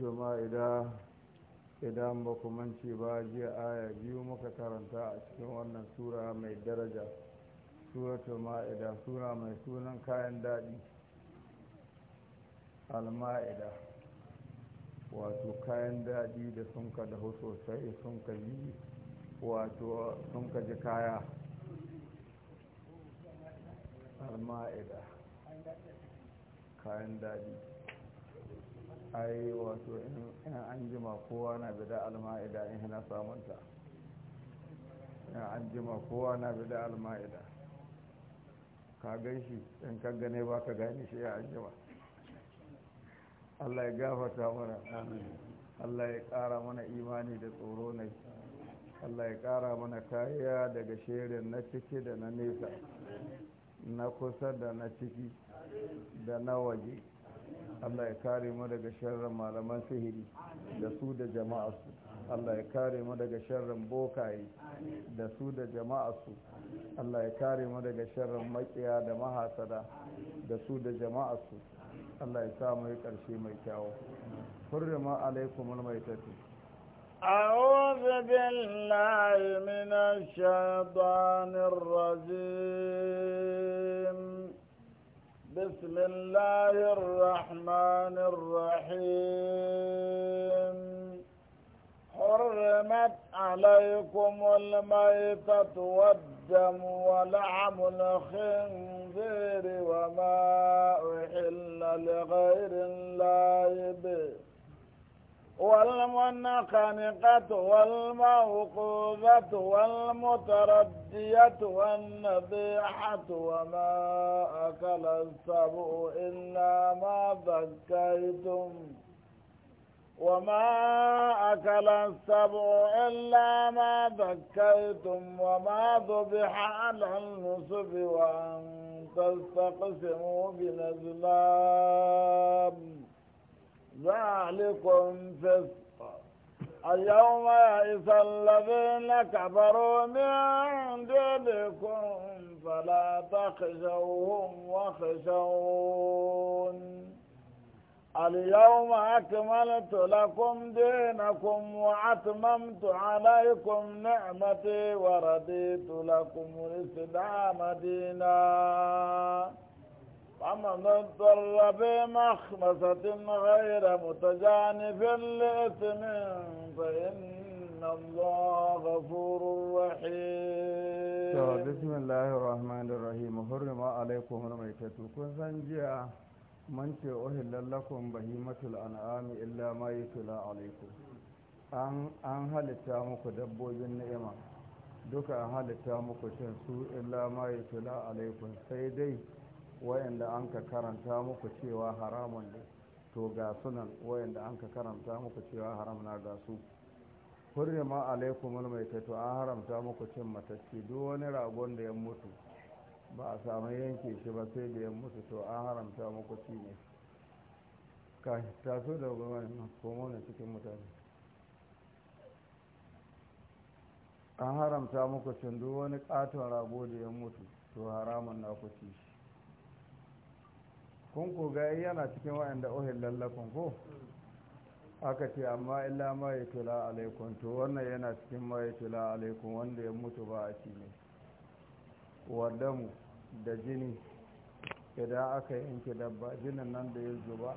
to idan ba ku manci ba jiya aya biyu muka karanta a cikin wannan sura mai daraja suratul ma'ida sura mai sunan kayan daɗi alma'ida, wato kayan daɗi da sun ka dahu sosai sun ka yi wato sun ka ji kaya alma'ida, kayan daɗi ai wato in an jima kowa na bida alma'ida in hina samunta in an jima kowa na bida alma'ida ka gan shi in ka gane ba ka gane shi ya an jima allah ya gafata mana allah ya kara mana imani da tsoro ne allah ya kara mana kariya daga shirin na ciki da na nesa na kusa da na ciki da na waje Allah ya kare mu daga sharrin malaman sihiri da su da jama'arsu Allah ya kare mu daga sharrin bokaye da su da jama'arsu Allah ya kare mu daga sharrin makiya da mahasada da su da jama'arsu Allah ya sa mu yi ƙarshe mai kyawu hurrima alaikum maitatu أعوذ بالله من الشيطان الرجيم بسم الله الرحمن الرحيم حرمت عليكم الميتة والدم ولعم الخنزير وما أحل لغير الله به والمنخنقة والموقوذة والمتردية والنبيحة وما أكل السبع إلا ما ذكيتم وما أكل السبع إلا ما ذكيتم وما ذبح على النصب وأن تستقسموا بالأزلام ذلكم فسق اليوم يئس الذين كفروا من دينكم فلا تخشوهم وخشون اليوم أكملت لكم دينكم وأتممت عليكم نعمتي ورديت لكم الإسلام ديناً فمن اضطر في مخمسة غير متجانف لإثم فإن الله غفور رحيم بسم الله الرحمن الرحيم حرم عليكم الميتة كن سنجيا من أهل لكم بهيمة الأنعام إلا ما يتلى عليكم an an halitta muku dabbobin ni'ima duka an halitta muku cin su illa ma yi tula alaikun sai dai wayanda an ka karanta muku cewa haramun ne to ga sunan wayanda an ka karanta muku cewa haram na ga su hurrima alaikumul To an haramta muku cin matacce duk wani ragon da ya mutu ba a samu yanke shi ba sai da ya mutu to an haramta muku ci ne ka taso da gwamnati komo na cikin mutane an haramta muku cin duk wani katon rago da ya mutu to haramun na ku ci shi kun ku ga yana cikin wa'anda ohin lallakun ko aka ce amma illa ma ya tula alaikun to wannan yana cikin ma tula alaikun wanda ya mutu ba a ci ne wadamu da jini idan aka yanke dabba jinin nan da ya ba?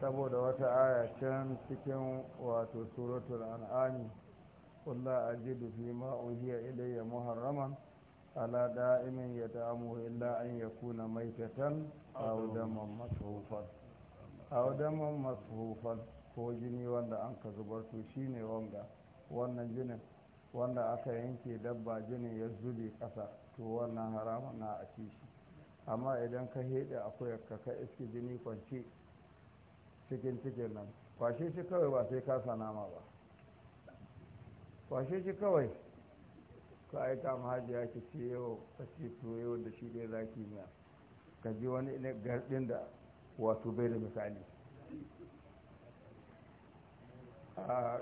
saboda wata aya can cikin wato suratul an'ami kula a fi ma ilayya muharraman على دائم يدعمه إلا أن يكون ميتة أو دما مصروفا أو دما مصروفا ko jini wanda an ka zubar to shine wanga wannan jinin wanda aka yanke dabba jinin ya zube ƙasa to wannan haramun na a ci amma idan ka heɗe akwai ka ka iske jini kwance cikin cikin nan kwashe shi kawai ba sai kasa nama ba kwashe shi kawai ka aika ma ya ki ce yau ka ce yau da shi za ki miya ka ji wani garɗin da wato bai da misali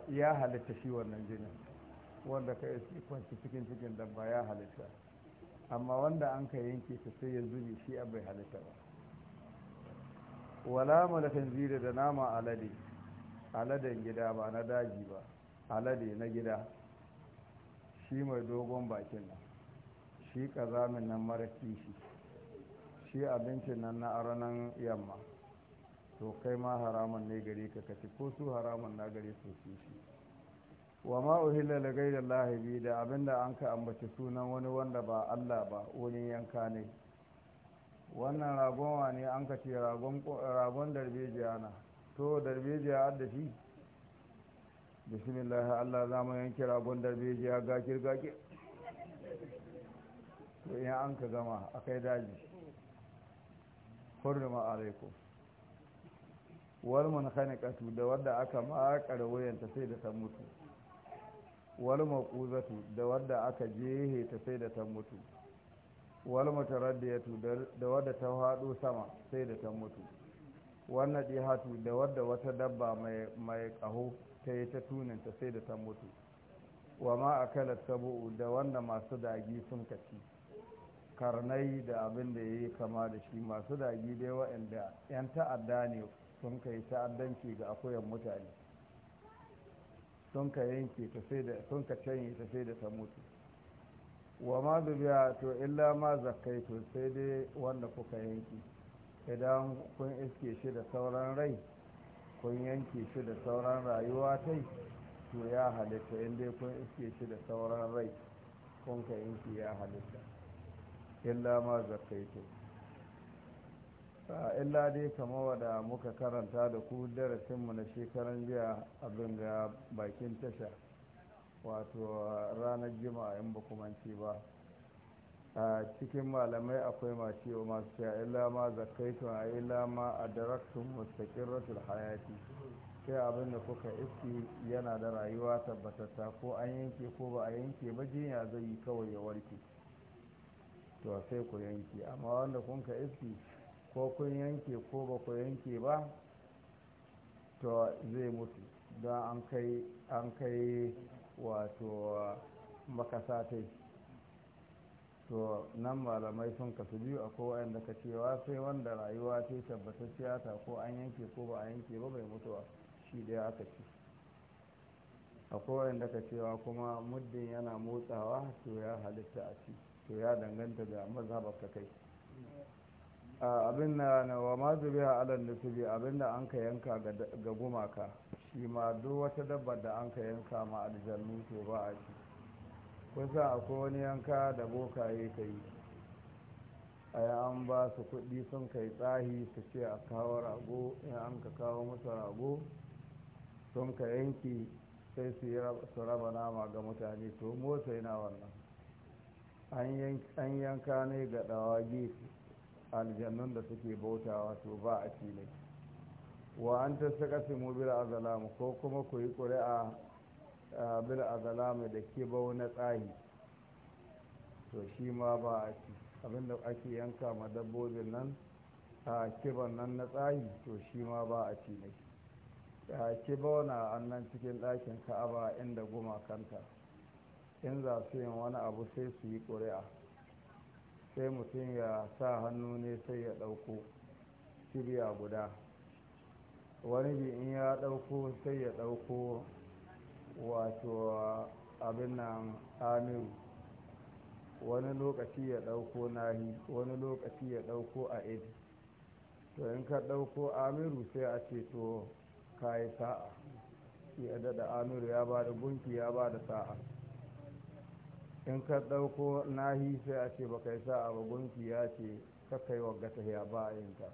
ya halitta shi wannan jinin wanda ka yi kwanci cikin cikin da ba ya halitta amma wanda an ka yanke ta sai ya zube shi a bai halitta ba wala malakan zira da nama alade aladen gida ba na daji ba alade na gida shi mai dogon bakin nan shi ƙazamin nan mara kishi shi abincin nan na aranan yamma to kai ma haramun ne gare ka kaci ko su haramun na gare su su shi wa ma uhilla la ghayra bi da abinda an ka ambaci sunan wani wanda ba Allah ba wani yanka ne wannan ragon wa ne an ka ce ragon darbejiya na to darbejiya da shi bismillah allah za mu yanki ragon darbeji ya gakir gakir to in an ka gama a kai daji hurrima alaikum wal munkhaniqatu da wadda aka makar wayanta sai da ta mutu wal maquzatu da wadda aka jehe ta sai da ta mutu wal mutaraddiyatu da wadda ta hado sama sai da ta mutu wannan dihatu da wadda wata dabba mai mai kaho ta yi ta tuninta sai da ta mutu wa ma da wannan masu dagi sun kaci karnai da abin da ya yi kama da shi masu dagi dai waɗanda 'yan ta'adda ne sun kai ta'addanci ga akuyan mutane sun ka sun ka canye ta sai da ta mutu wa ma zubiya to illa ma zakai to sai dai wanda kuka yanki idan kun iske shi da sauran rai kun yanke shi da sauran rayuwa tai to ya halitta inda kun iske shi da sauran rai kun ka yanke ya halitta illa ma zakaitu illa dai kama wada muka karanta da ku mu na shekaran jiya abin ga bakin tasha wato ranar jima'a in ba ba a cikin malamai akwai masu yau masu cewa illa ma zakaitu a illa ma a daraktun mustaqirratul hayati sai abin da kuka iske yana da rayuwa tabbatatta ko an yanke ko ba a yanke ba jinya zai yi kawai ya warke to sai ku yanke amma wanda kun ka iske ko kun yanke ko ba ku yanke ba to zai mutu don an kai wato makasatai to nan malamai sun kasu biyu a kowayen da ka cewa sai wanda rayuwa ce tabbatar ta ko an yanke ko ba a yanke ba mai mutuwa shi daya aka ci a kowayen da ka cewa kuma muddin yana motsawa to ya halitta a ci to ya danganta da mazhabar ka kai abin na wa ma zubiya da su abin da an ka yanka ga gumaka shi ma duk wata dabbar da an ka yanka ma aljannu to ba a ci kusa akwai wani yanka da bokaye ka yi a yi an ba su kuɗi sun kai tsahi su ce a kawo rago ya an ka kawo musu rago sun ka yanki sai su raba nama ga mutane to motsa yana wannan an yanka ne ga dawagi aljannun da suke bautawa to ba a cile wa an ta saka su mobila a zalamu ko kuma ku yi ƙuri'a bil azalami da kibau na tsahi to shi ma ba a ci abinda ake yanka ma dabbobin nan a kiban nan na tsahi to shi ma ba a ci ne a kibau na annan cikin ɗakin ka'aba inda gumakanta in za su yin wani abu sai su yi ƙuri'a sai mutum ya sa hannu ne sai ya ɗauko shirya guda wani bi in ya ɗauko sai ya ɗauko wato abin nan amiru wani lokaci ya ɗauko nahi wani lokaci ya ɗauko a edi to in ka ɗauko amiru sai a ce to ka yi sa'a ya da amiru ya ba da gunki ya ba da sa'a in ka ɗauko nahi sai a ce ba ka yi sa'a ba gunki ya ce kakai wagata ya ba a yinka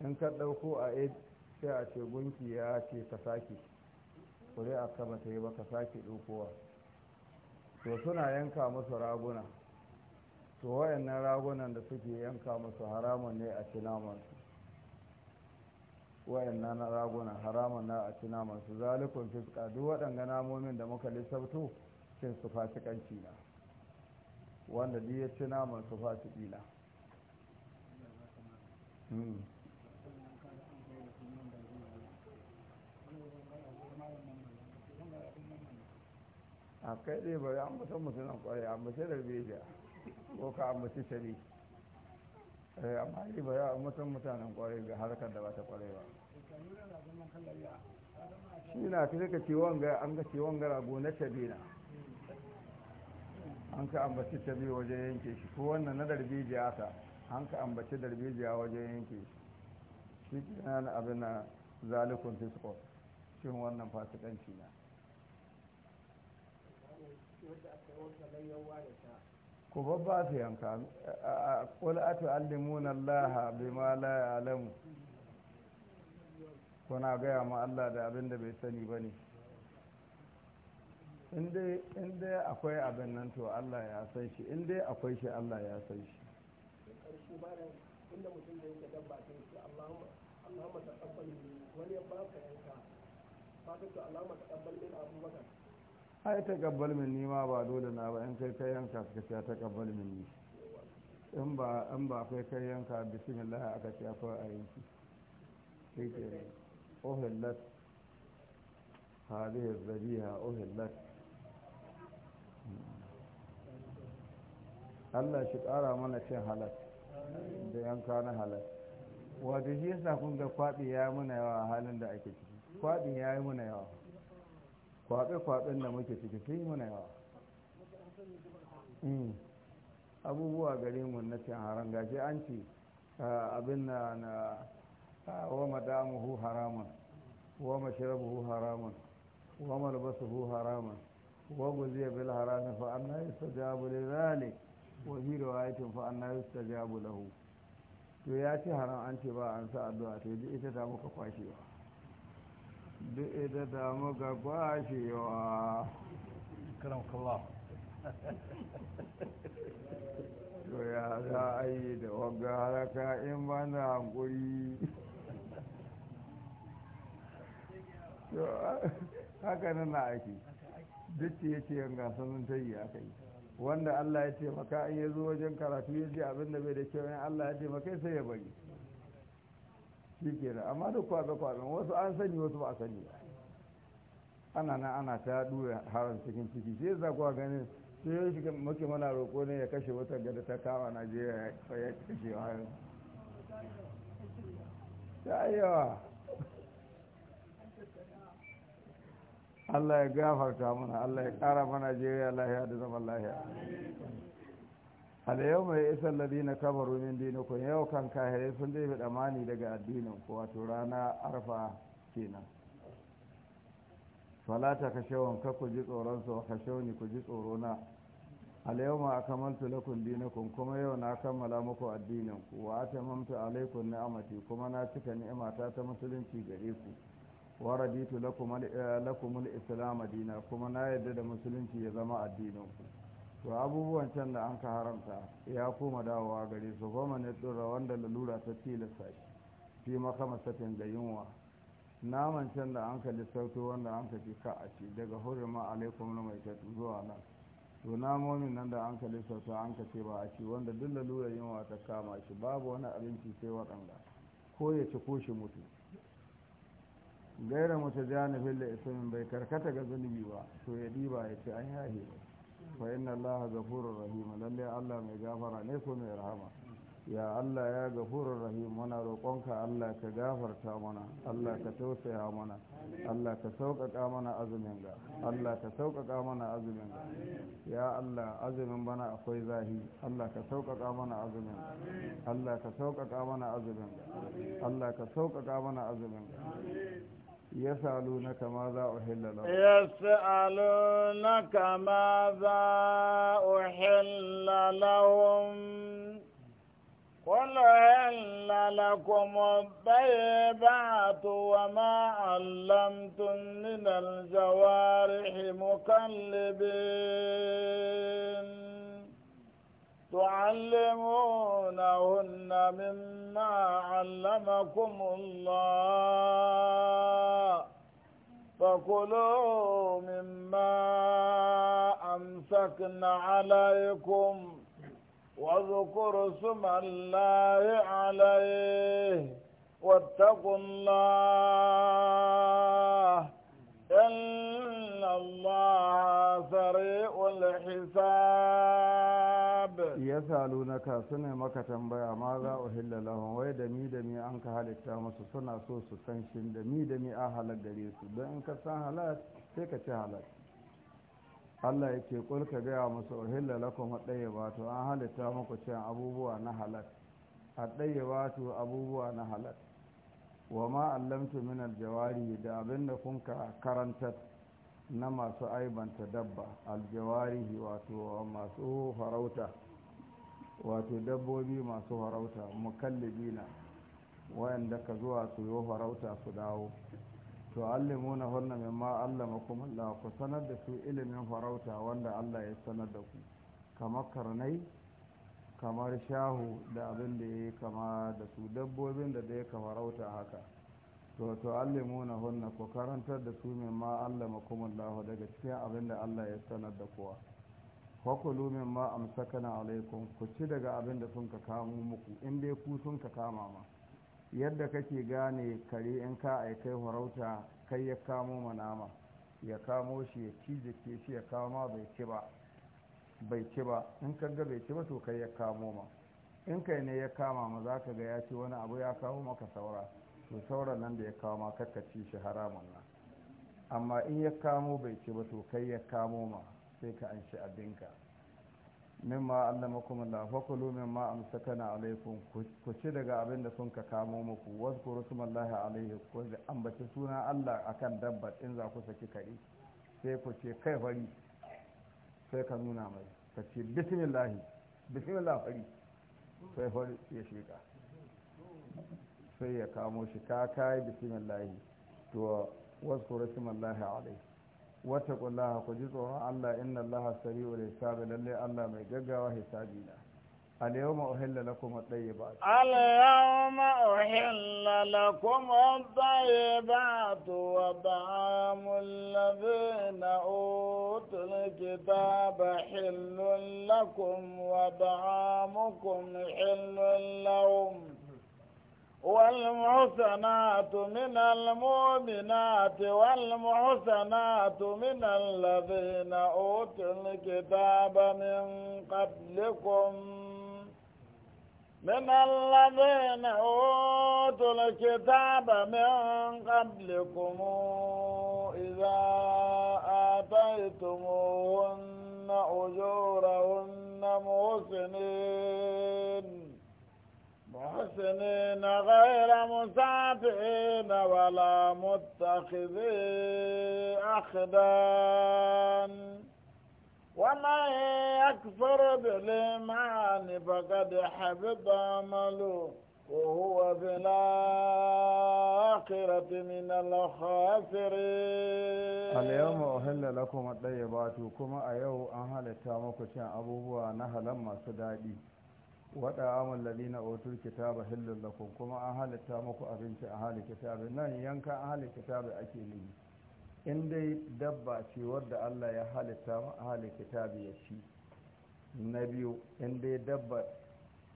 in ka ɗauko a id sai a ce gunki ya ce ka sake kuria ka ba ta yi maka sake ɗaukowa to suna yanka musu raguna to wayannan ragunan da suke yanka musu haramun ne a cinamansu wayannan ragunan haramun na a cinamansu zalikun fiska duk waɗanga namomin da muka lissabto cin su fasikanci na wanda duk ya ci naman su fasiki hmm. a kai ɗaya bari an mutum musulun kwarai a mace darbejiya ko ka a mace shari eh, amma yi bari a mutum mutanen kwarai ga harkar da ba ta kwarai ba shi na fi suka ciwon wanga an ga ciwon ga rago na na. an ka ambaci tabi wajen yanke shi ko wannan na darbejiya ta an ka ambaci darbejiya wajen yanke shi shi ke nan abin na zalikun fiskot shin wannan fasikanci na ku babba su yanka a ƙul'atu allimuna allaha bima la ya'lamu kuna gaya ma allah da abin da bai sani ba ne in dai akwai abin nan to allah ya san shi in dai akwai shi allah ya san shi wani ya ba ka yanka ba ka alama ka ɗan balmin abubakar ai ta gabbal min nima ba dole na ba in kai kai yanka suka ce ta min ni in ba in ba kai kai yanka bismillah aka ce akwai a shi sai ke ohillat hadhihi zabiha ohillat Allah shi ƙara mana cin halal da yanka na halal wato shi yasa kun ga kwaɗi ya muna yawa halin da ake ciki kwaɗi ya yi muna yawa kwaɓe-kwaɓen da muke ciki sun yi muna yawa hmm. abubuwa gare mu na cin haram gashi an ce abin na na wa madamuhu haramun wa mashrabuhu haramun wa malbasuhu haramun wa guziya bil harami fa yi sajabu da zalik wa fi riwayatin fa anna yustajabu lahu to ya ci haram an ce ba an sa addu'a to ita ta muka kwashewa duk ita da muka kwashewa karam kalla to ya za a yi da wagga haraka in ba na hankuri haka nan na aiki duk ce ce yan gasa ta yi aka yi wanda Allah ya ce taimaka in ya zuwa wajen karatu ya ji abin da bai da kyau in Allah ya ce taimaka sai ya bari shi kenan amma da kwabe-kwaben wasu an sani wasu ba a sani ba ana nan ana ta dura haran cikin ciki sai za kuwa ganin sai ya shiga muke mana roƙo ne ya kashe wata gada ta kawa najeriya ya kashe wa yanzu ta yawa Allah ya gafarta mana Allah ya ƙara mana Najeriya lahiya da zaman lahiya alayau mai isar ladina kabaru min dinukun yau kan kahire sun zai fiɗa mani daga addinin ko wato rana arfa kenan falata ka shawon ka ku ji tsoron su ka ni ku ji tsoro na alayau ma akamantu lakum dinakum kuma yau na kammala muku addinin ku wa alaikun alaikum amati kuma na cika ni'imata ta musulunci gare ku wa raditu lakumul islam dina kuma na yadda da musulunci ya zama addinin ku to abubuwan can da an ka haramta ya koma dawowa gare su goma ne tsura wanda lalura ta tilasta shi fi satin da yunwa naman can da an ka lissauto wanda an ka fi ka a ci daga hurima alaikum na mai zuwa nan to namomin nan da an ka lissauto an ka ce ba a ci wanda duk lalura yunwa ta kama shi babu wani abinci sai waɗanda ko ya ci ko shi mutu gaira mutu janibin da isamin bai karkata ga zunubi ba to ya ba ya ce an yahe ba fa inna allaha ghafurur rahim lalle allah mai gafara ne ko mai rahama ya allah ya ghafurur rahim muna roƙonka allah ka gafarta mana allah ka tausaya mana allah ka sauƙaƙa mana azumin ga allah ka sauƙaƙa mana azumin ga ya allah azumin bana akwai zahi allah ka sauƙaƙa mana azumin ga allah ka sauƙaƙa mana azumin ga allah ka sauƙaƙa mana azumin ga يسألونك ماذا أحل لهم يسألونك ماذا أحل لهم قل أحل لكم الطيبات وما علمتم من الجوارح مكلبين تعلمونهن مما علمكم الله فكلوا مما أمسكن عليكم واذكروا اسم الله عليه واتقوا الله إن الله سريع الحساب ya ka suna maka tambaya ma za a hila lahun wai da mi da mi an ka halitta musu suna so su san shi da mi da mi an halar gare su don in ka san halar sai ka ci halar Allah yake kul ka gaya musu uhilla lakum at ba to an halitta muku cin abubuwa na halal a ba to abubuwa na halar wa ma allamtu min da abin da kun ka karantar na masu aibanta dabba aljawari wato masu farauta wato dabbobi masu farauta na wayanda ka zuwa su yi farauta su dawo to allimuna hunna mimma ma Allah ku sanar da su ilimin farauta wanda Allah ya sanar da ku kamar karnai kamar shahu da abin da ya yi kama da su dabbobin da ka farauta haka to to na hunna ku karantar da su mimma ma Allah daga cikin abin da Allah ya sanar da kuwa. fakulu min ma amsakana alaikum ku ci daga abin da sun ka kamo muku in dai ku sun ka kama ma yadda kake gane kare in ka aikai farauta kai ya kamo manama ya kamo shi ya cije ke shi ya kama bai ci ba bai ci ba in ka ga bai ci ba to kai ya kamo ma in kai ne ya kama ma za ka ga ya ci wani abu ya kawo maka saura to sauran nan da ya kawo ma kakka ci shi haramun nan amma in ya kamo bai ci ba to kai ya kamo ma sai ka an shi abinka mimma allamakum Allah fakulu mimma amsakana alaikum ku ci daga abin da sun ka kamo muku wasu smallahi ko ku ambaci suna Allah akan dabbar in za ku saki kare sai ku ce kai fari sai ka nuna mai ka ce bismillahi bismillah fari sai fari ya shiga sai ya kamo shi ka kai bismillahi to wasu smallahi alaihi واتقوا الله قجزوا ألا إن الله سريع الحساب للي ألا ما يجدها حسابينا اليوم أهل لكم الطيبات اليوم أهل لكم الطيبات وطعام الذين أوتوا الكتاب حل لكم وطعامكم حل لهم والمحسنات من المؤمنات والمحسنات من الذين أوتوا الكتاب من قبلكم من الذين أوتوا الكتاب من قبلكم إذا آتيتموهن أجورهن محسنين محسنين غير مسافحين ولا متخذي أخدان ومن يكفر بالإيمان فقد حبط عمله وهو في الآخرة من الخاسرين اليوم أهل لكم الطيبات وكما أيو أهل تامك شان أبوه نهلا ما سدادي wada amal na otun kitaba hillul lakum kuma an halitta muku abinci a halin kitabi nan yanka a halin kitabi ake yi. in dai dabba ce wadda Allah ya halitta ma a halin kitabi ya ci na biyu in dai dabba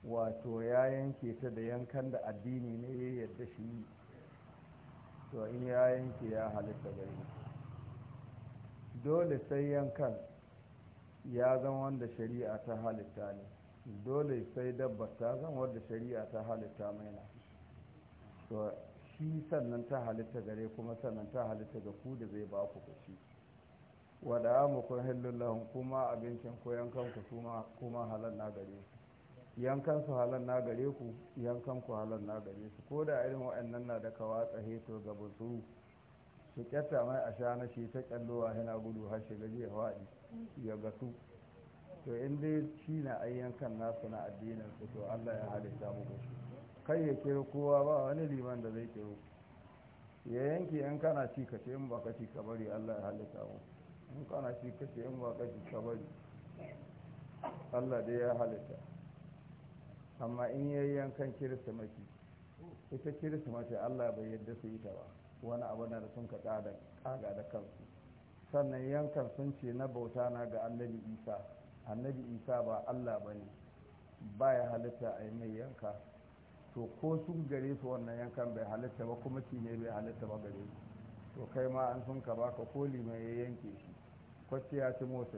wato ya yanke ta da yankan da addini ne ya yarda shi to in ya yanke ya halitta gari dole sai yankan ya zama wanda shari'a ta halitta ne dole sai dabba ta zama wadda shari'a ta halitta na so shi sannan ta halitta gare kuma sannan ta halitta ga ku da zai ba ku kashi wadda amukun hillun kuma abincin ko yankanku kuma halar na gare su yankan su halar na gare ku yankan ku halar na gare su ko da irin wa'annan na da kawa tsahe to ga busu su kyatta mai a na shi ta kyallowa yana gudu har shiga jiya waɗi ya gasu to in dai shi na ayyankan nasu na addinin su to Allah ya halitta muku shi kai ya kira kowa ba wani liman da zai kira ya yanke in kana ci ka ce in ba ka ci ka bari Allah ya halitta muku in kana ci ka ce in ba ka ci ka bari Allah dai ya halitta amma in yayi yankan kirsimati ita kirsimati Allah bai yarda su yi ta ba wani abu da sun ka kaga da kansu sannan yankan sun ce na bauta na ga annabi isa annabi isa ba allah ba ne ba ya halitta a yi mai yanka to ko sun gare su wannan yankan bai halitta ba kuma ne bai halitta ba gare su to kai ma an sun ka baka koli mai ya yanke shi kwacce ya ci motsa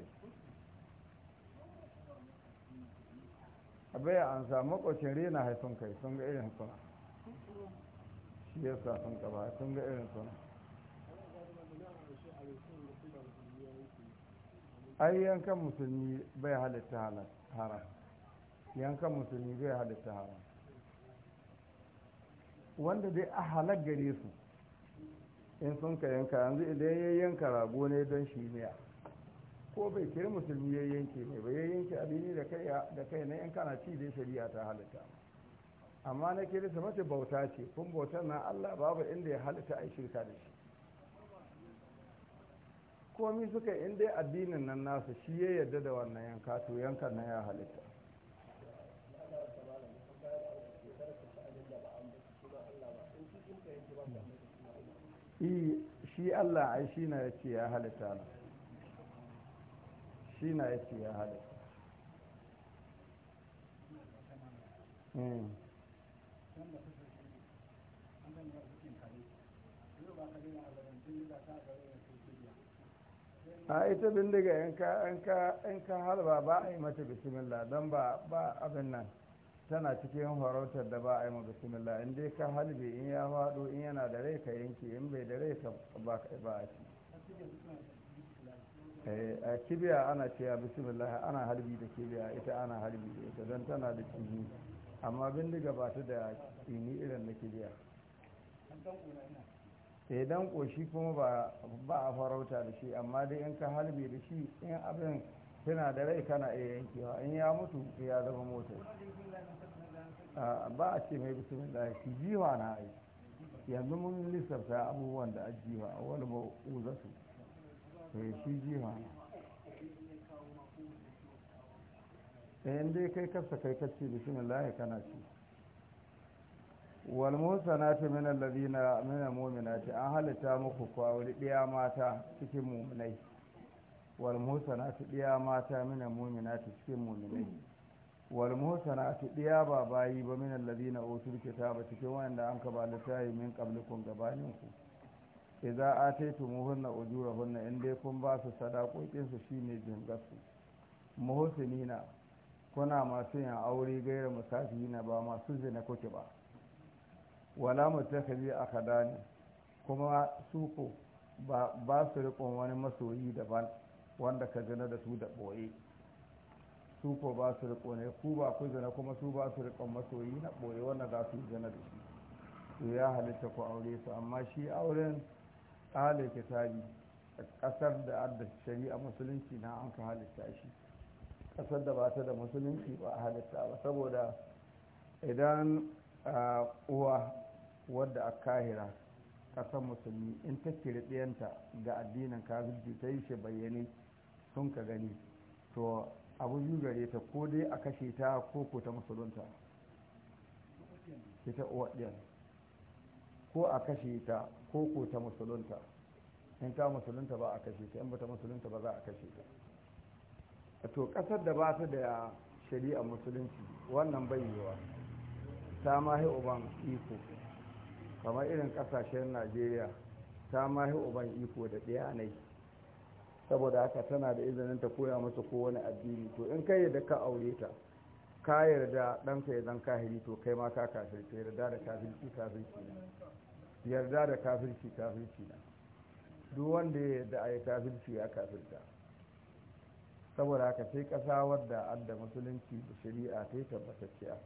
abai an samu makwacin rena haifin kai sun ga irin suna shi yasa sun ka ba sun ga irin suna ai yankan musulmi bai halitta haram yankan musulmi bai halitta haram wanda dai a halar gare su in sun ka yanka yanzu idan ya yanka rago ne don shi miya ko bai kiri musulmi ya yanke ne ba ya yanke abini da kai na yanka na ci dai shari'a ta halitta amma na kiri mace bauta ce kun bautar na Allah babu inda ya halitta a shirka da shi komi suka in dai addinin nan nasu shi ya yarda da wannan yanka to yankan nan ya halitta shi Allah ai shi na ce ya halitta na shi na ce ya halitta Hmm. a ita bindiga in ka harba ba a yi mata bismillah don ba abin nan tana cikin farautar da ba a yi ma bismillah in dai ka halbe in ya faɗo in yana da rai ka yanke in bai da rai ka ba a ci eh, a kibiya ana cewa bismillah ana halbi da kibiya ita ana halbi da ita don tana da cini amma bindiga ba ta da cini irin na kibiya sai dan koshi kuma ba a farauta da shi amma dai in ka halbe da shi in abin tana da rai kana iya yankewa in ya mutu ya zama motar ba a ce mai da shi jiwa na ai yanzu mun lissafta abubuwan da ajiwa a wani ma'uzatu sai eh, shi jiwa na eh, in dai kai kasa kai kacce lahi kana ci na walmusanatu min allazina mumina almu'minati an halitta muku kwawuri ɗiya mata cikin mu'minai walmusanatu ɗiya mata mumina almu'minati cikin mu'minai walmusanatu ɗiya ba bayi ba min allazina utul ba cikin wanda an ka ba littafi min qablikum gabaninku idza ujura hunna in dai kun ba su sadakokin su shine gasu muhusinina kuna masu yin aure gaira na ba masu zina kuke ba wala mutakhadhi akhadan kuma su ba su riƙon wani masoyi daban wanda ka zina da su da ɓoye su ba su riƙo ne ku ba ku zina kuma su ba su riƙon masoyi na ɓoye wanda za su zina da shi to ya halitta ku aure su amma shi auren ƙahalar kitabi ƙasar da adda shari'a musulunci na an ka halitta shi ƙasar da ba ta da musulunci ba a halitta ba saboda idan ah, uwa wadda a kahira kasan musulmi in ta kiri ɗiyanta ga addinin kafirci ta yi shi bayyane sun ka gani to abu yi gare ta ko dai a kashe ta ko ko ta musulunta ita uwaɗiyar ko a kashe ta ko ko ta musulunta in ta musulunta ba a kashe ta in ba ta musulunta ba za a kashe ta to ƙasar da ba ta da shari'a musulunci wannan bayyewa ta mahi uban iko kamar irin kasashen najeriya ta mahi uban iko da ɗaya ne saboda haka tana da izinin ta koya masa kowane addini to in kai da ka aure ta ka yarda ɗanka ya zan kahiri to kai ma ka kafirce yarda da kafirci kafirci na yarda da kafirci kafirci na duk wanda ya yarda a yi kafirci ya kafirta saboda haka sai ƙasa wadda adda musulunci da shari'a ta yi tabbatacciya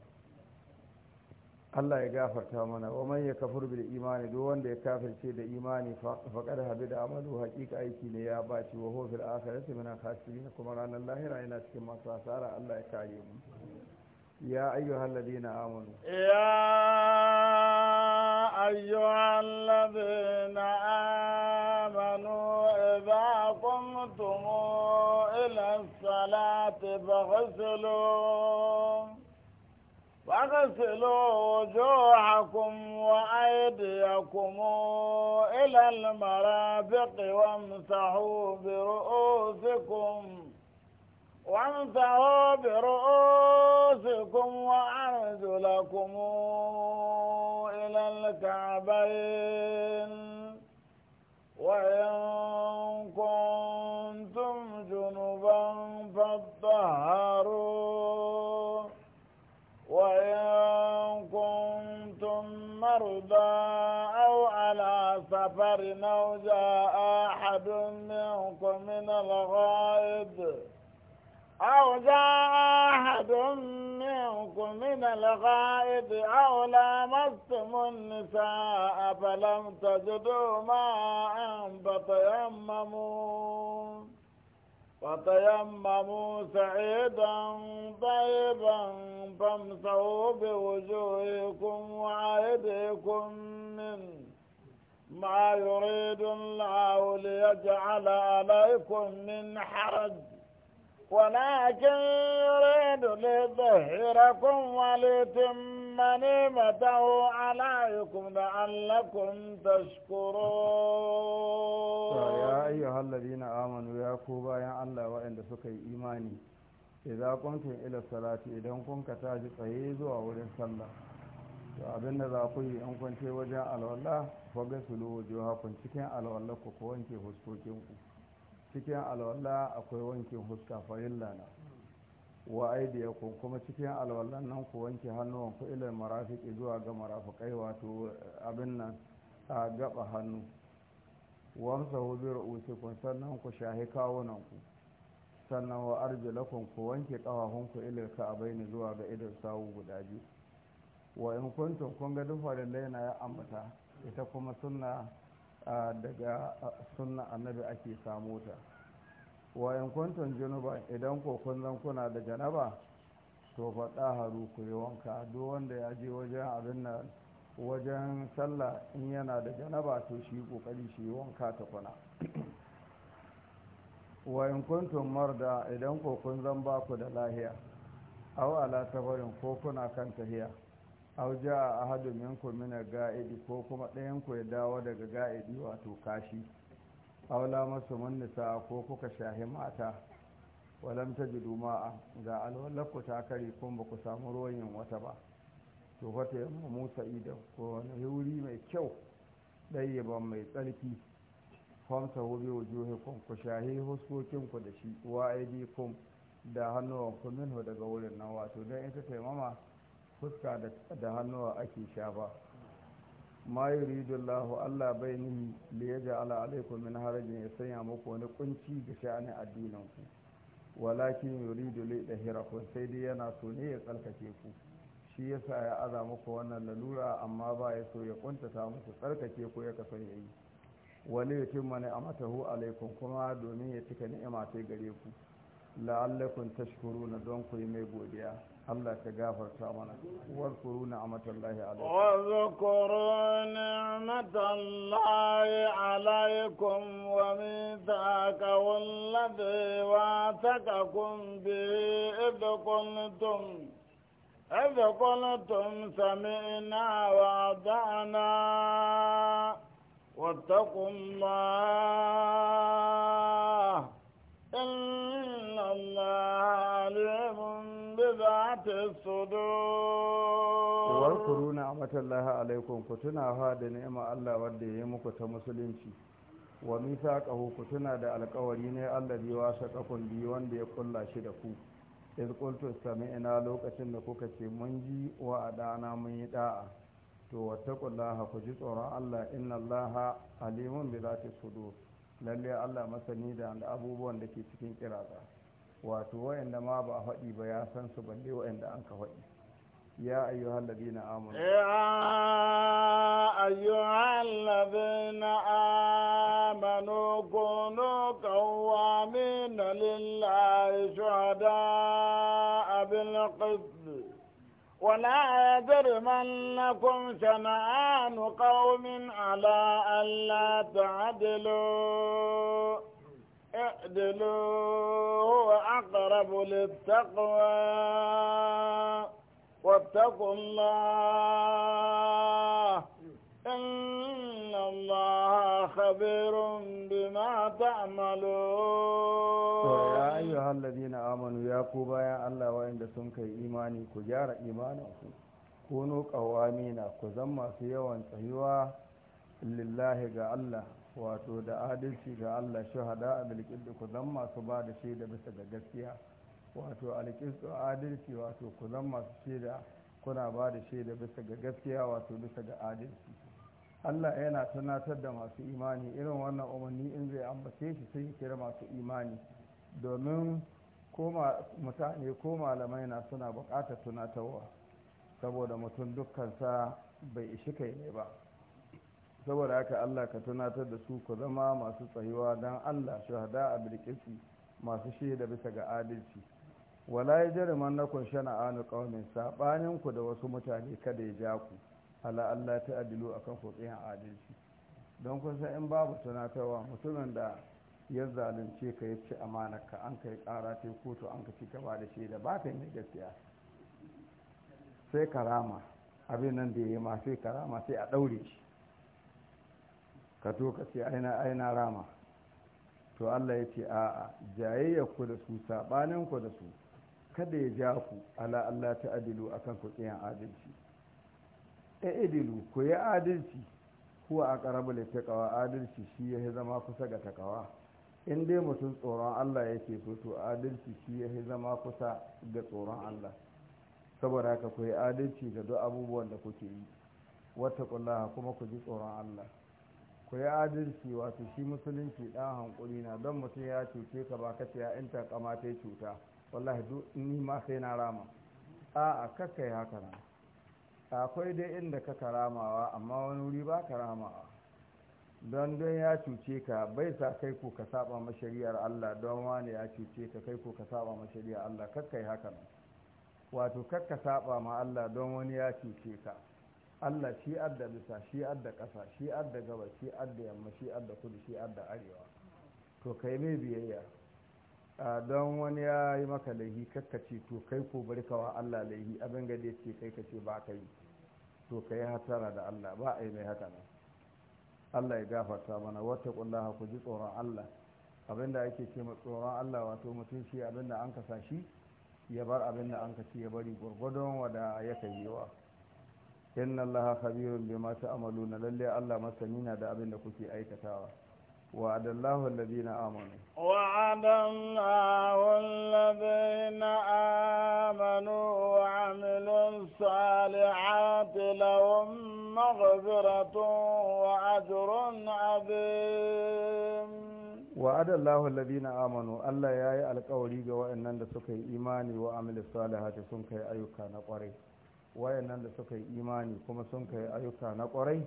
Allah ya gafarta mana wa man ya kafur bil imani duk wanda ya kafirce da imani faqad da amalu haqiqa aiki ne ya baci wa huwa fil akhirati min khasirin kuma ranar lahira yana cikin masu asara Allah ya kare mu Ya أيها الذين آمنوا يا أيها الذين آمنوا إذا قمتم إلى الصلاة فاغسلوا فاغسلوا وجوهكم وأيديكم إلى المرافق وامسحوا برؤوسكم وامسحوا برؤوسكم وأرجلكم إلى الكعبين وإن كنتم جنبا فاطهروا نفر أو جاء أحد منكم من الغائب أو جاء أحد منكم من الغائب أو لامستم النساء فلم تجدوا ماء فتيمموا فتيمموا سعيدا طيبا فامسحوا بوجوهكم وأيديكم منه ما يريد الله ليجعل عليكم من حرج ولكن يريد ليظهركم وليتم نعمته عليكم لعلكم تشكرون يا أيها الذين آمنوا يا كوبا يا الله وإن سكي إيماني إذا كنتم إلى الصلاة إذا كنت تاجي تهيزوا أولي الصلاة to abin da za ku yi an kwance wajen alwallah fa gasulu wujuhakum cikin alwallah ku ku wanke huskokin ku cikin alwallah akwai wankin huska farilla na wa ku kuma cikin alwallan nan ku wanke hannuwan ku ilal marafiqi zuwa ga marafiqai wato abin nan a gaba hannu wamsahu bi kun sannan ku shahi kawunan ku sannan wa arjulakum ku wanke kafafun ku ilal ka'abaini zuwa ga idan sawu guda biyu wa in kuntum kun ga duk farillai na ya ambata ita kuma sunna daga sunna annabi ake samu ta wa in kuntum junuba idan ko kun zan kuna da janaba to faɗa haru ku yi wanka duk wanda ya je wajen abin nan wajen sallah in yana da janaba to shi kokari shi wanka ta kuna. wa in kuntum marda idan ko kun zan ba ku da lahiya aw ala tafarin ko kuna kan tahiya auja a ahadu ku mina ga'idi ko kuma ɗayan ku ya dawo daga ga'idi wato kashi aula masu nisa ko kuka shahi mata walam jidu ma'a ga ku ta kare kun ba ku samu ruwan wata ba to wata yamma musa idan ko wani wuri mai kyau ɗayyaban mai tsarki famsa hobe wa juhe kun ku shahi ku da shi wa bi kun da hannuwan ku minhu daga wurin nan wato don ita taimama fuska da hannuwa ake shafa ma yuridullahu Allah bai ni li ala alaykum min harajin ya sanya muku wani kunci ga sha'anin addinin ku walakin yuridu da dahirakum sai dai yana so ne ya tsarkake ku shi yasa ya aza muku wannan lalura amma ba ya so ya kuntata muku tsarkake ku ya ya yayi wani yatim mani matahu alaikum kuma domin ya cika ni'ima ta gare ku la'allakum tashkuruna don ku yi mai godiya الله تجاهر شامنا واذكروا نعمة الله عليكم واذكروا نعمة الله عليكم وميثاقه الذي واثقكم به إذ قلتم إذ قلتم سمعنا وأطعنا واتقوا الله إن الله عليم za ta sodo war kuruna a matallaha alaikun ku tuna fa da ni'ima Allah wanda ya yi muku ta musulunci wa misa kahu ku tuna da alkawari ne Allah bi wasa kafin biyu wanda ya kulla shi da ku iz qultu sami'na lokacin da kuka ce mun ji wa adana mun yi ɗa'a, to wattaqullaha ku ji tsoron Allah inna Allaha alimun bi zati sudur lalle Allah masani da abubuwan da ke cikin kiraza wato wayanda ma ba a faɗi ba ya san su balle wayanda an ka faɗi ya ayyuhal ladina amanu ya ayyuhal ladina amanu kunu qawamin lillahi shuhada bil qist ولا يجرمنكم شنآن قوم على ألا تعدلوا اعدلوا هو أقرب للتقوى واتقوا الله إن الله خبير بما تعملون يا أيها الذين آمنوا يا كوبا يا الله وإن سنك إيماني كجار إيمانكم كونوا قوامين كزما سيوا سيوا لله جعل الله wato da adalci ga Allah shahada a da ku zan masu ba da shaida bisa ga gaskiya wato alƙistu adalci wato ku zan masu shaida kuna ba da shaida bisa ga gaskiya wato bisa ga adalci Allah yana tunatar da masu imani irin wannan umarni in zai ambace shi sai ya kira masu imani domin mutane ko malamai na suna buƙatar tunatarwa saboda mutum dukkansa bai ishi kai ne ba saboda haka Allah ka tunatar da su ku zama masu tsayuwa don Allah shahada a birkisi masu shaida bisa ga adalci wala ya jere man na a na anu ƙaunin saɓanin ku da wasu mutane kada ya ja ku ala Allah ta adilu akan ku adalci don kun san in babu tunatarwa mutumin da ya zalunce ka ya ci amanaka an kai ƙara ta kotu an ka ci gaba da shaida ba ka yi gaskiya sai karama abin nan da ya yi ma sai karama sai a ɗaure shi ka to ka ce aina aina rama to Allah ya ce a'a jayayya ku da su ku da su kada ya ja ku ala Allah ta adilu akan ku adalci e adilu ku yi adalci ko a ƙarabu da ƙawa, adalci shi ya zama kusa ga ta ƙawa. in dai mutum tsoron Allah ya ce to adalci shi ya zama kusa ga tsoron Allah saboda haka ku yi adalci ga duk abubuwan da kuke yi wata kuma ku ji tsoron Allah ku yi adalci wato shi musulunci ɗan hankuli na don mutum ya cuce ka ba ce ya ta kama ta cuta wallahi duk ni ma sai na rama a'a kakka yi haka nan akwai dai inda ka karamawa amma wani wuri ba karamawa don don ya cuce ka bai sa kai ko ka saba ma shari'ar Allah don wani ya cuce ka kai ko ka saba ma shari'ar Allah kakka yi haka nan wato kakka saba ma Allah don wani ya cuce ka Allah shi adda bisa shi adda ƙasa shi adda gaba shi adda yamma shi adda kudu shi adda arewa to kai mai biyayya don wani ya yi maka laihi kakkace to kai ko bari kawa Allah laihi abin ga da ce kai kace ba kai to kai hatara da Allah ba a yi mai haka nan Allah ya gafarta mana wata kullaha ku ji tsoron Allah abin da ake ce tsoron Allah wato mutum shi da an kasa shi ya bar abin da an kace ya bari gwargwadon wada ya kai yawa inna allaha khabirun bima na lallai allah masani na da abin da kuke aikatawa wa adallahu alladhina amanu wa adallahu alladhina amanu wa amilun salihati lahum maghfiratun wa ajrun adhim wa adallahu alladhina amanu allah yayi alƙawari ga wa'annan da suka yi imani wa amilus salihati sun kai ayyuka na ƙwarai wayannan da suka yi imani kuma sun kai ayyuka na kwarai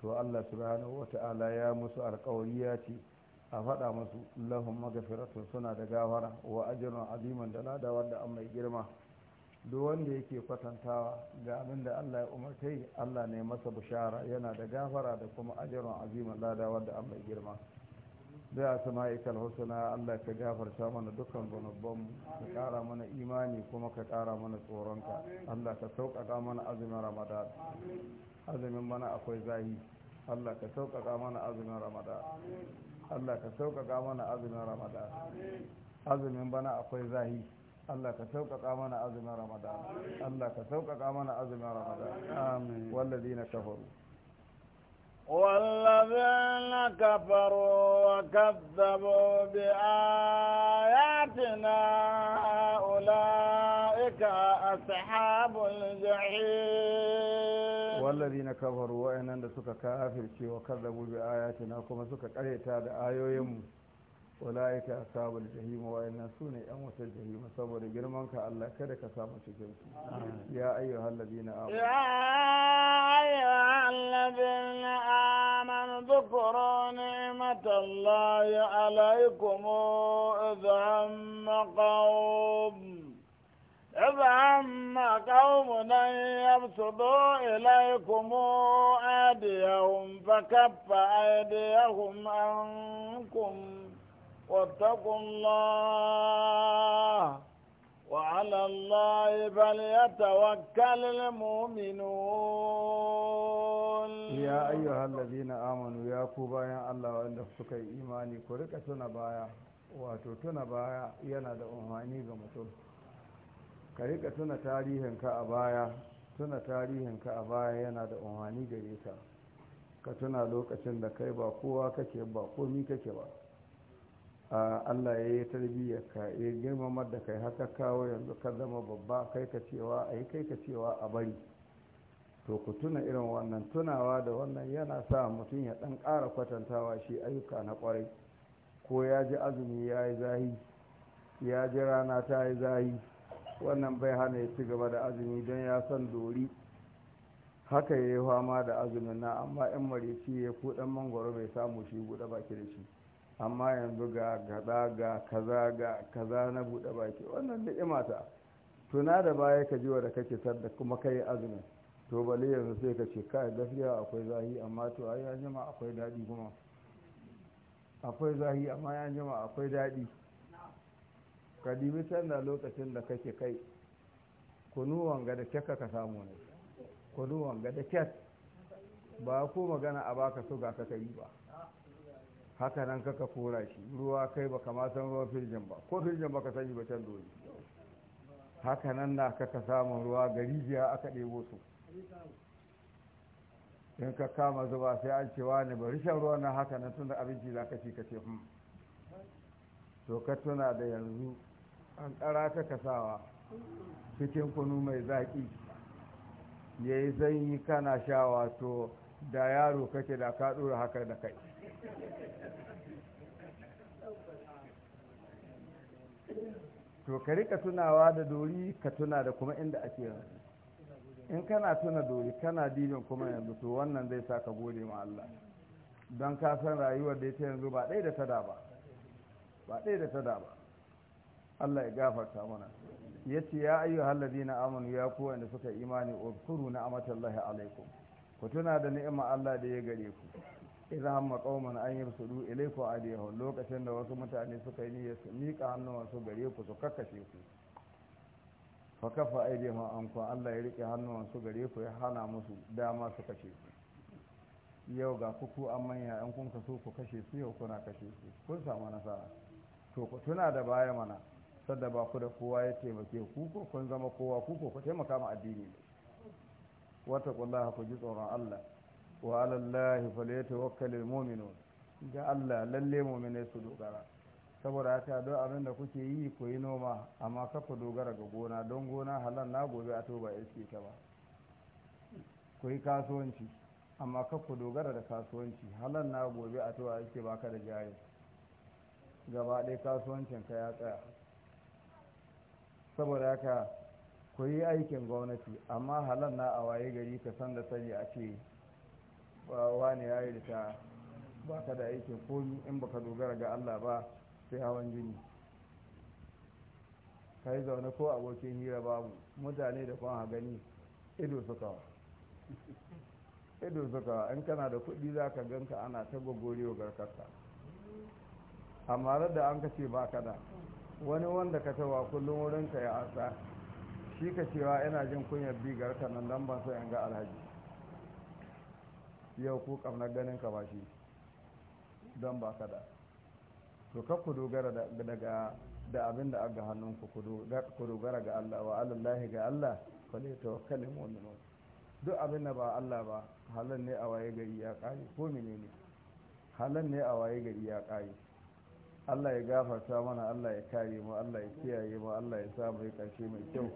to Allah subhanahu wata'ala ya musu alƙawari ya ce a faɗa musu lahum magafiratun suna da gafara wa ajrun aziman da lada wanda an mai girma duk wanda yake kwatantawa ga abin da Allah ya umarta Allah ne masa bishara yana da gafara da kuma ajrun aziman lada wanda an mai girma bi asma'ikal husna Allah ka gafarta mana dukkan gunubban ka kara mana imani kuma ka kara mana tsoronka Allah ka sauƙaƙa mana azumin Ramadan azumin mana akwai zahi Allah ka sauƙaƙa mana azumin Ramadan Allah ka sauƙaƙa mana azumin Ramadan azumin bana akwai zahi Allah ka sauƙaƙa mana azumin Ramadan Allah ka sauƙaƙa mana azumin Ramadan amin wallazina kafaru والذين كفروا وكذبوا بآياتنا أولئك أصحاب الجحيم والذين كفروا وإن سك كافر وكذبوا بآياتنا كما سك قريتا بآيوهم أولئك أصحاب الجحيم وإن سوني أموت الجحيم صبر جرمانك الله كدك سامة شكرا يا أيها الذين آمنوا يا أيها الذين واذكروا نعمة الله عليكم إذ هم قوم إذ هم قوم أن يبسطوا إليكم أيديهم فكف أيديهم عنكم واتقوا الله وعلى الله فليتوكل المؤمنون يا أيها الذين آمنوا يا كوبا يا الله وإن دفتك إيماني كوريك تنبايا وتتنا بايا ينادى أمهاني بمتون ka rika tuna tarihinka a baya a baya yana da umarni gare ka ka tuna lokacin da kai ba kowa kake ba komi kake ba Allah ya yi tarbiyya ka ya girmama da kai haka kawo yanzu ka zama babba kai ka cewa a yi kai ka cewa a bari to ku tuna irin wannan tunawa da wannan yana sa mutum ya ɗan kara kwatantawa shi ayyuka na kwarai. ko ya ji azumi ya yi zahi ya ji rana ta yi zahi wannan bai hana ya ci gaba da azumi don ya san dori haka ya yi fama da azumin na amma in marici ya ɗan mangwaro bai samu shi buɗe baki da shi amma yanzu ga gaza ga kaza ga kaza na bude baki wannan ni'ima ta tuna da baya ka ji da kake da kuma ka yi azumin to bali yanzu sai ka ce kai gaskiya akwai zahi amma to ai ya jima akwai daɗi kuma akwai zahi amma ya jima akwai daɗi ka dibi na lokacin da kake kai kunuwan ga da kyakka ka samu ne kunuwan ga da kyakka ba ko magana a baka so ga ka kai ba haka nan kaka kora shi ruwa kai ba kama san ruwan firjin ba ko firjin ba ka sani ba can dole haka nan na kaka samun ruwa gari biya aka ɗebo su in ka kama zuba sai an cewa ne ba shan ruwa na haka nan tunda abinci za ka ci ka ce hun hmm. to ka tuna da yanzu an ƙara ta kasawa cikin kunu mai zaƙi ya yi kana sha wato da yaro kake da ka ɗora haka da kai to ka rika tunawa da dori ka tuna da kuma inda ake yanzu in kana tuna dori kana dibin kuma yanzu to wannan zai sa ka gode ma Allah don ka san rayuwar da ya ta yanzu ba ɗaya da da ba ba ɗaya da da ba Allah ya gafarta mana ya ce ya ayyu halladi na amanu ya kuwa inda suka imani uzkuru na amatallahi alaikum ku tuna da ni'ima Allah da ya gare ku idan hamma qauman an yabsudu ilayku adiyahum lokacin da wasu mutane suka yi niyyar su miƙa hannuwansu gare ku su kakkashe ku fa kafa aidihim anku Allah ya rike hannuwansu gare ku ya hana musu dama su kashe ku yau ga kuku an manya an kun kaso ku kashe su yau kuna kashe su kun samu nasara to ku tuna da baya mana sadda ba ku da kowa ya taimake ku ko kun zama kowa ku ko ku taimaka ma addini wata kullaha ku ji tsoron Allah wa alallahi falyatawakkal muminu? ga Allah lalle mu'mine su dogara saboda ta don abin da kuke yi ku yi noma amma kafa dogara ga gona don gona halar na gobe a toba ce ta ba ku yi kasuwanci amma kafa dogara da kasuwanci halar na gobe a toba ce ba ka da jari gaba ɗaya kasuwancin ka ya tsaya saboda haka ku yi aikin gwamnati amma halar na a waye gari ka san da sani a ce wani ya yi ta ba ka da aikin komi in ba ka dogara ga allah ba sai hawan jini ka yi zaune ko abokin hira babu mutane da kwan gani ido suka ido suka in kana da kuɗi za ka ganka ana ta gogorewa a amma da an ka ce ba ka da wani wanda ka tawa kullum wurinka ya asa shi ka cewa yana jin kunyar bigar ka nan don ban so in ga alhaji yau ku kamna ganin ka ba shi don ba ka da to ka ku dogara daga da abin da aga hannun ku dogara ga Allah wa alallahi ga Allah kwale tawakkalin mu'minun duk abin da ba Allah ba halan ne a waye gari ya kai ko menene halan ne a waye gari ya kai Allah ya gafarta mana Allah ya kare mu Allah ya kiyaye mu Allah ya sa mu yi karshe mai kyau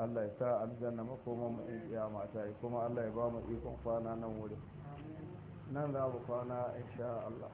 Allah ya sa aljanna kuma mu yi kiyama ta kuma Allah ya ba mu ikon kwana nan wurin nan za mu kwana insha Allah